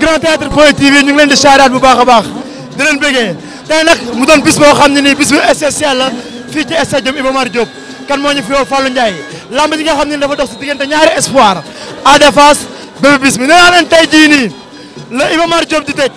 Grand Théâtre point TV ñu ngi leen di saaraat bu baax a baax di leen bëggee tey nag mu doon bis boo xam ne ni bis bu la fii ci stade Iba Mar Diop kan moo ñu fi woo Fallou Ndiaye lamb ji nga xam ne dafa dox si te ñaari espoir Ada Fass Bébé Bismi nee naa leen tey jii nii la Iba Mar Diop di tëj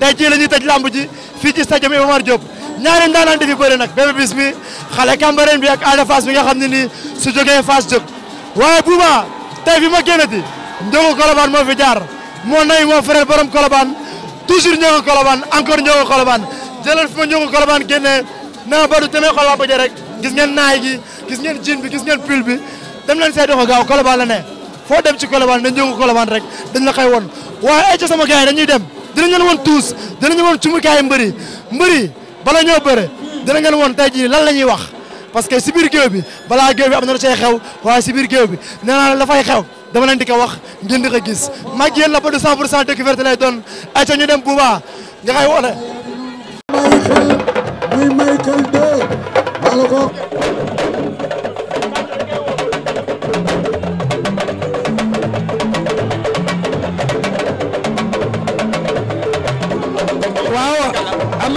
tey jii la ñuy tëj lamb ji fii ci stade Iba Mar Diop ñaari ndaanaan di fi bëri nag Bismi xale Cambérène bi ak Ada Fass bi nga xam ne nii su jógee Fass jóg waaye Bouba tey fi ma génnati Ndiogo Colobane moo fi jaar moo nay moo frère borom Colobane toujours Ndiogo Colobane encore Ndiogo Colobane jëlal fi ma Ndiogo Colobane génnee naa ba du tamit xol waa bëjë rek gis ngeen naay gi gis ngeen jean bi gis ngeen pull bi dem leen say doxo gaaw foo dem ci Colobane dañ Ndiogo Colobane rek dañ la koy won waaye ay ca sama gars yi dañuy dem dinañ leen won tuus dinañ leen won cumukaay mbëri mbëri bala ñoo bëre dina ngeen woon tey jii lan la ñuy wax parce que si biir géew bi balaa géew bi am na lu cay xew waaye si biir géew bi nee naa la dafay xew dama leen di ko wax ngeen di ko gis mag yéen la ba du 100 pour cent découverte lay doon ay ca ñu dem Bouba nga xay wone maa la ko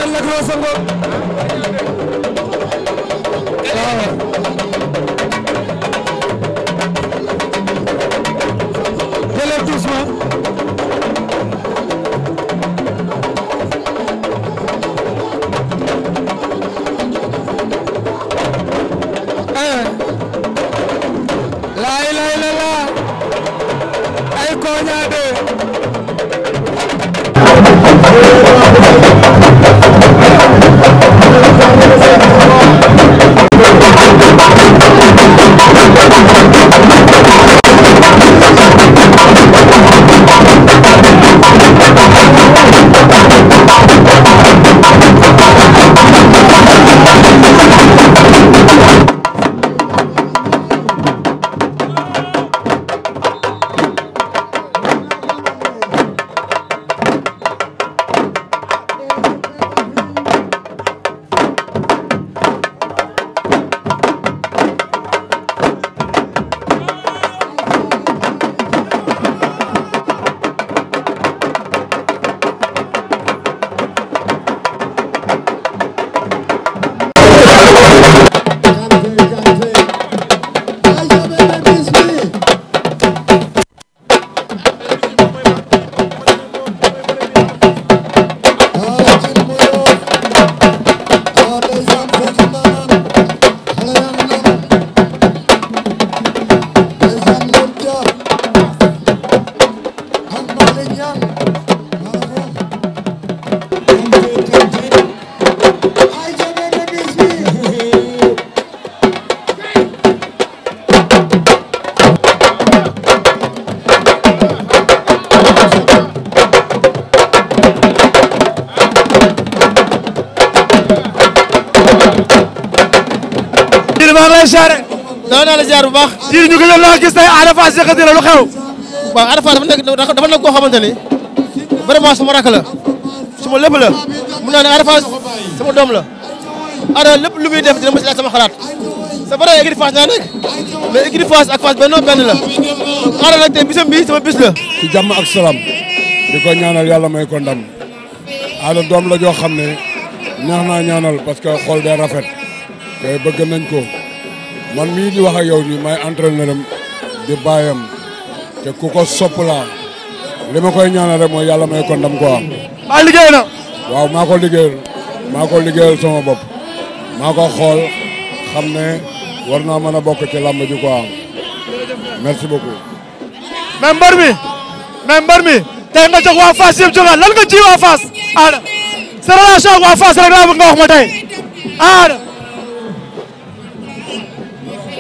mel Lac Rose sango waaw ah. daaw naa la ziar bu baax. ji ñu gëjoon laa gis tey Ada Fass yëkkati la lu xew. waaw Ada Fass dafa nekk dafa nekk koo xamante ni vraiment suma rakk la suma lépp la mun naa ne Ada Fass sama dom la Ada lépp lu muy def dina ma si laaj sama xalaat c'est vrai écurie Fass naa nekk mais écurie Fass ak Fass benn benn la Ada nag tey bisam bi sama bis la. ci jàmm ak salaam di ko ñaanal yàlla may ko ndam Ada dom la joo xam ne neex naa ñaanal parce que xol day rafet te bëgg nañ ko. man mii di wax ak yow nii may entraîneur am di bàyyam te ku sopp laa li koy ñaanal rek mooy yàlla may ko ndam a maa liggéey na. waaw maa ko liggéeyal maa ko liggéeyal sama bopp maa ko xool xam ne war naa mën a bokk ci làmb ji quoi merci beaucoup. mais mbër mi mais n mi tey nga jox waa Fass yëpp jógaat lan nga ji waa Fass. aada sa relation ak nga wax ma tey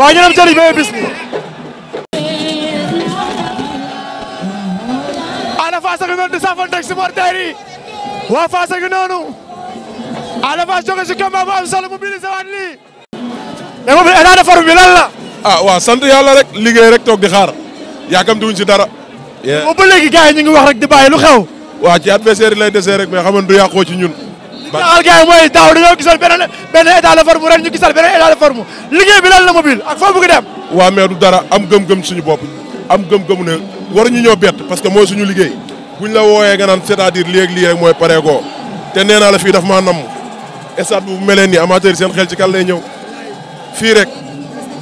waa ñu dem Serigne Bébé Bismi. Ada Fass a ngi noonu di safante ak supporter yi waa Fass a ngi noonu Ada Fass jóge si combat bu am solo mobilisé waat lii. mais moom état de forme bi lan la. ah waaw sant yàlla rek liggéey rek toog di xaar yaakamti wuñ si dara. ba léegi gars yi ñu ngi wax rek di bàyyi lu xew. waa ci adversaire lay desee rek mais xam du yàqoo ci ñun. daxal gars yi mooy daaw dañoo gisal beneen benn état de forme ren ñu gisal beneen état de forme liggéey bi lan la mobile ak foo bëgg dem waaw mais dara am gëm-gëm suñu bopp am gëm-gëm ne waruñu ñoo bett parce que mooy suñu liggéey buñ la wooyee nga naan c'est-à-dire rek mooy pareekoo te nee naa la fii daf maa namm stade bu melee nii amateur seen xel ci kan lay fii rek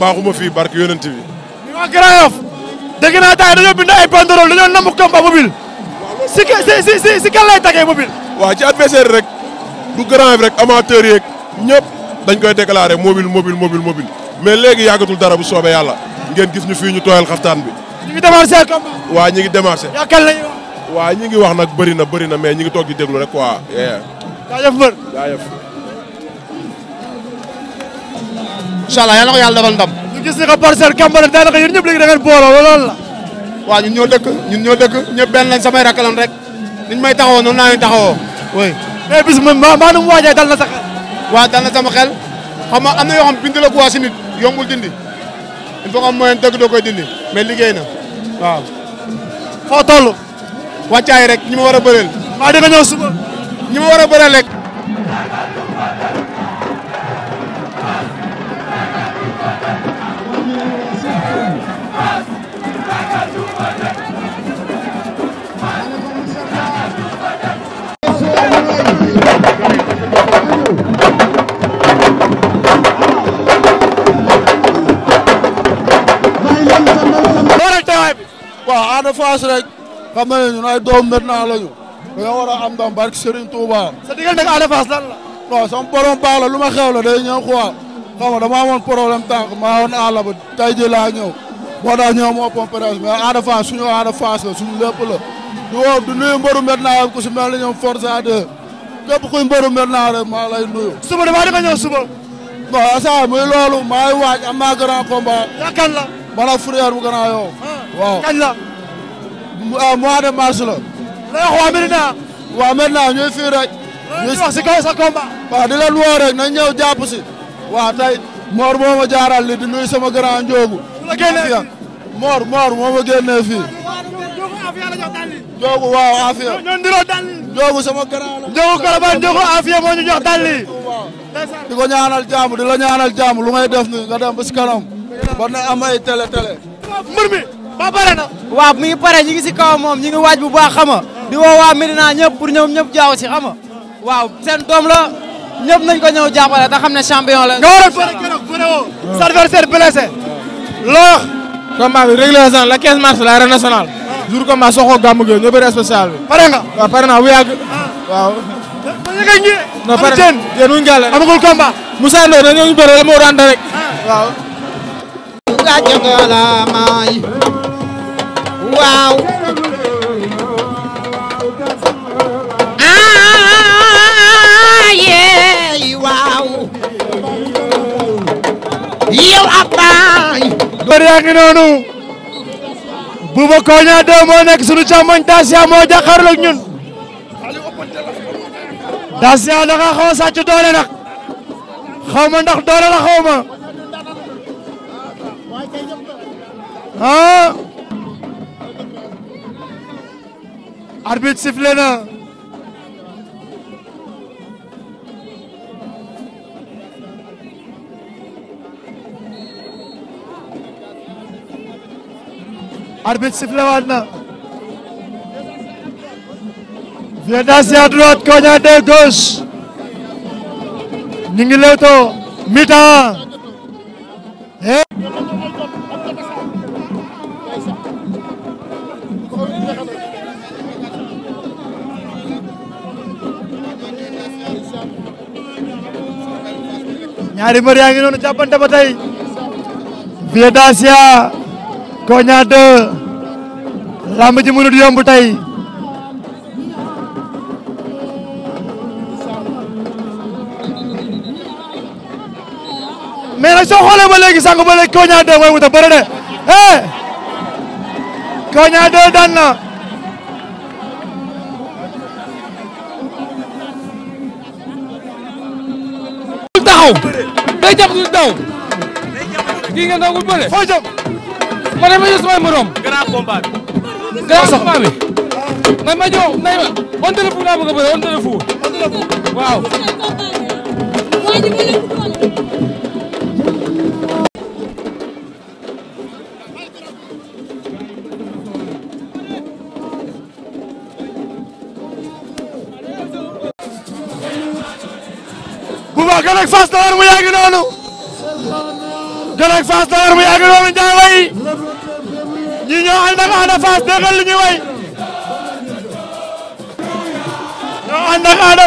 baaxuma fii barke yonent bi waa Grand naa tay dañoo bind ay banderole dañoo namm combat mobile si si si si rek du grand bi rek amateur yeeg ñëpp dañ koy déclaré mobile mobil mobile mobile mais léegi yàggatul dara bu soobee yàlla ngeen gis ñu fii ñu tooyal xaftaan bi. ñu ngi démarché combat. ñu ngi démarché. yaakaar nañu ñu ngi wax nag bëri na bëri na mais ñu ngi toog di déglu rek quoi. jaajëf mbër jaajëf. incha allah yal na ko ñu gis ne que parcelle Cambérène daanaka yéen ñëpp léegi da ngeen booloo loolu la. waaw ñun ñoo dëkk ñun ñoo dëkk ñëpp benn lañ samay rakk lañ rek niñ may taxawoo noonu laa ñuy taxawoo mais eh, bis ma maa nu mu waajee dal na sa xel. waaw dal na sama xel xam nga am na yoo xam bind la ko waa si nit yombul dindi il faut que koy dindi mais liggéey na waaw. foo toll. wàccaay rek ñi ma war a bëreel. ñi ma war a bëreel rek. de Fass rek xam nañu ñun ay doomu Medina lañu dañoo war a am ndam barke Serigne Touba. sa diggante ak Ada Fass lan la. non sama borom baax lu ma xew la day ñëw quoi xam dama amoon problème tànk maa woon àll ba tey moo tax ñëw moo pompé mais Ada suñu Ada la suñu lépp la. du woo du nuyu mbëru Medina yëpp ku si mel ni ñoom Forza 2 képp kuy mbëru Medina rek maa lay nuyu. suba dama ñëw suba. non asa muy loolu maa ngi waaj am naa grand combat. yaakaar la man ak frère bu gën a yow. Ah, Ah, mois de mars la. lay wax waa Medina. waa Medina ñooy fii rek. ñu si kaw sa combat. waaw di leen rek nañ ñëw jàpp si. waa tey jaaral li di nuyu sama grand Ndiogu. la génnee Mor Mor moo ma waaw Afia. ñoo ndiroo dal di ko ñaanal jàmm di ñaanal jàmm lu ngay def ni ba si kanam. ba na am ay télé ba pare na waaw mi ngi pare ñi ngi si kaw moom ñi ngi waaj bu baax xam nga di woo waa Medina ñëpp pour ñoom ñëpp jaaw si xam nga waaw seen doom la ñëpp nañ ko ñëw jàppale da xam ne champion la. nga waroon bëri keroog bëri woo. sa adversaire blessé. loo. combat bi réglé na la 15 mars la arène nationale. jour combat soxoo gàmmu gi ñoo bëri spécial bi. pare nga waaw pare naa bu yàgg. Ah. waaw. ma yëg ak ñi. non pare na yéen wuñu gàlle. amagul combat. Moussa Ndoye dañoo ñu bëri la moo rànd rek. Ah. waaw. waaw aaye ah, waaw yow abaay mbër yaa ngi noonu Bouba Konia deux moo sunu càmmoñ Dacia moo jàkkaarloo ak ñun Dacia da nga xaw a sàcc doole nag xaw ma doole la xaw ma ah. arbitre sifflé na arbitre sifflé waat na Viadas à droite Cogna de gauche ñu ngi lewtoo mi-temps ñaari mbër yaa ngi noonu jàppante ba tey Vieux Dacia Kogna 2 lamb ji mënut yomb tey mais nag ba léegi sànq ba léegi Kogna 2 mooy wuta bëre de eh Kogna 2 kii ngeen doogul bëre. foo jëm. ma dem ma samay morom. grand combat bi. grand combat bi. na ma on dirait fu laa bëgg a bëre on dirait waaw. bu baax gën ak Gueule ak Fass Dakar mu yàgg loolu Ndiaye way ñi ñoo ànd ak Ada Fass déggal li way ñoo ànd ak Ada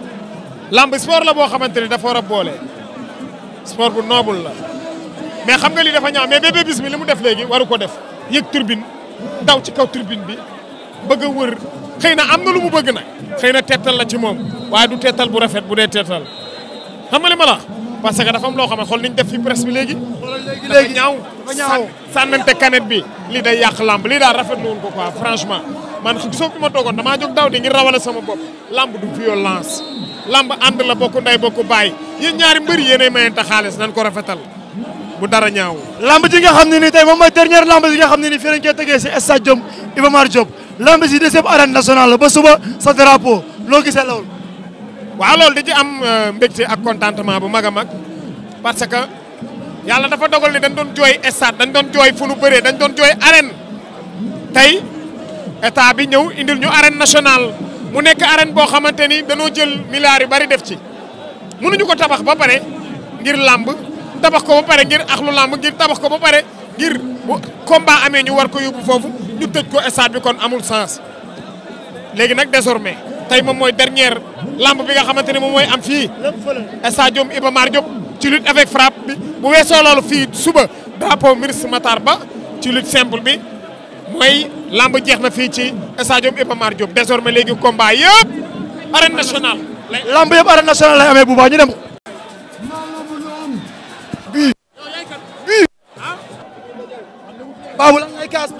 lamb sport la bo xamanteni dafa wara bolé sport bu noble la mais xam nga li dafa ñaan mais Bébé Bismi limu def légui waru ko def yek turbine daw ci kaw turbine bi bëgg wër xeyna amna lu mu bëgg nag xeyna tétal la ci mom waaye du tétal bu rafet bu dé tétal xam nga li ma la parce que dafa am lo xamé xol niñ def fi presse bi légui légui ñaaw ñaaw sanante canette bi. li day yak lamb li da rafet lu won ko quoi franchement man gisoo fi ma toogoon damaa jóg daw di ngir rawale sama bop lamb du violence. lamb ànd la bokku nday bokku baay yéen ñaari mbëri yéenay mayante xaalis nañ ko rafetal bu dara ñaaw lamb ji nga xam ne ni tey moom mooy dernière lamb ji nga xam ne nii fii lañ koy tegee si stade Diop Iba Mar Diop lamb ji deuxième arène nationale la ba suba sa drapeau loo gisee loolu waaw loolu di ci am euh, mbégte ak contentement bu mag a mag parce que yàlla dafa dogal ne dañ doon jooy stade dañ doon jooy fu nu bëree dañ doon jooy arène tey état bi ñëw indil ñu arène nationale mu nekk arène boo xamante ni danoo jël milliards yu bari def ci mun ñu ko tabax ba pare ngir làmb tabax ko ba pare ngir axlu làmb ngir tabax ko ba pare ngir bu combat amee ñu war ko yóbbu foofu ñu tëj ko stade bi kon amul sens léegi nag désormais tey moom mooy dernière làmb bi nga xamante ne moom mooy am fii stade Iba Mar Diop ci lutte avec frappe bi bu weesoo loolu fii suba drapeau ministre Matar Ba ci lutte simple bi mooy lamb jeex na fii ci stade Iba Mar Diop désormais léegi combat yëpp arène nationale. lay amee bu ñu dem. bii. bii. Babou lay kaas.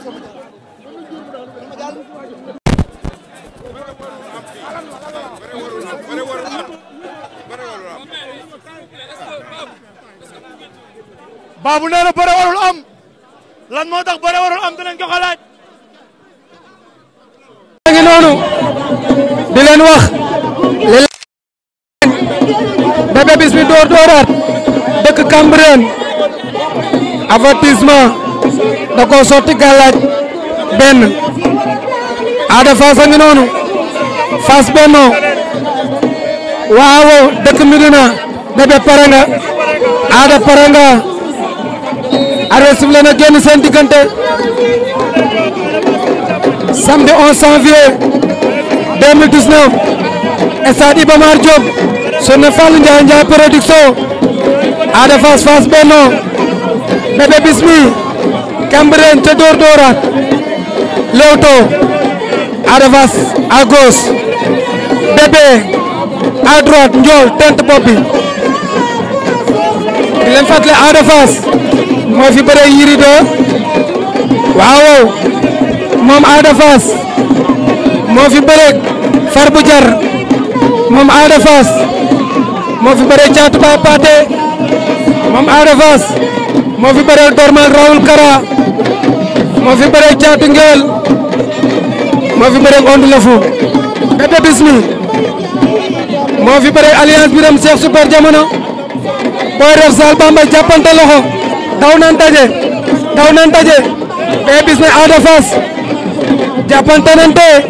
Babou nee na bëre warul am. lan moo tax bëre warul am dinañ ko xalaat. ngi noonu di leen door dooraat dëkk Cambérène avertissement da koo sotti benn Ada Fass a ngi noonu dëkk Médina Bébé pare nga Ada pare arrêt suuf leen a génn seen diggante samedi 11 janvier 2019 stade Iba Mar Diop Soxna Fallou Ndiaye Ndiaye production Ada Fass Fass Benno Bébé Bismi Cambérène ca Dóor Dóoraat Leewtoo Ada Fass à gauche Bébé à tent bopp di leen fàttali Ada Fass moo fi bëree Yiri Do waaw moom Ada Fass moo fi bëree Farbu moom Ada moo fi bëree Caatu Paate moom Ada moo fi bëree Dormal Raoul Kara moo fi bëree Caatu moo fi bëree Ondu Lafu Bébé Bismi moo fi bëree Alliance Biram Cheikh Super Jamono Boy Robson Bambey jàppante loxo daw nan daje daw nan daje Bébé Bismi Ada Fass jàppante nan te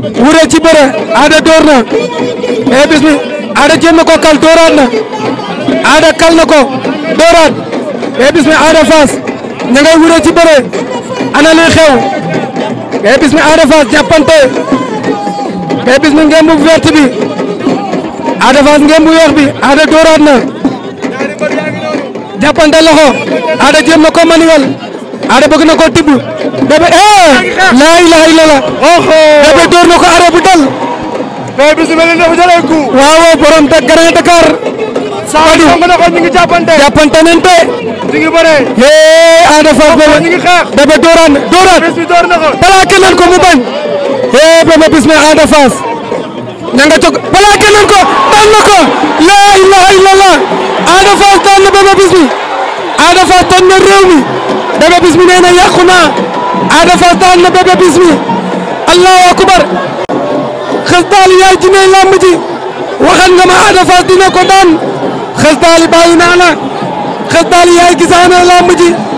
de wure ci bëre Ada door na Bébé Bismi Ada ko kal dooraat na Ada ko dooraat Bébé Bismi Ada Fass ña wure ci bëre ana xew Bébé Bismi Ada Fass jàppante Bébé Bismi ngeen bu vert bi Ada Fass ngeen bu weex bi Ada dooraat na jàppante loxo Ada jéem na ko manuel Ada bëgg na ko tibb bébé eh laa ilaha illallah oho door na ko Ada bu dal waaw waaw borom te Grand Dakar Saal di nga yee Ada Fass bébé ñu ngi xeex na dooraat. balaa keneen ko bañ. eh Bébé Bismi Ada Fass ñanga cog plaqué nañ ko daan na ko la ilaha illallah Ada Fass daan na Bébé Bismi Ada Fass daan na réew mi Bébé Bismi nee na yàqu naa Ada Fass daan na Bébé Bismi allahu akbar xës daal yaay ji ne làmb ji waxal nga ma Ada Fass dina ko daan xës daal bàyyi naa la xës daal yaay gisaana làmb ji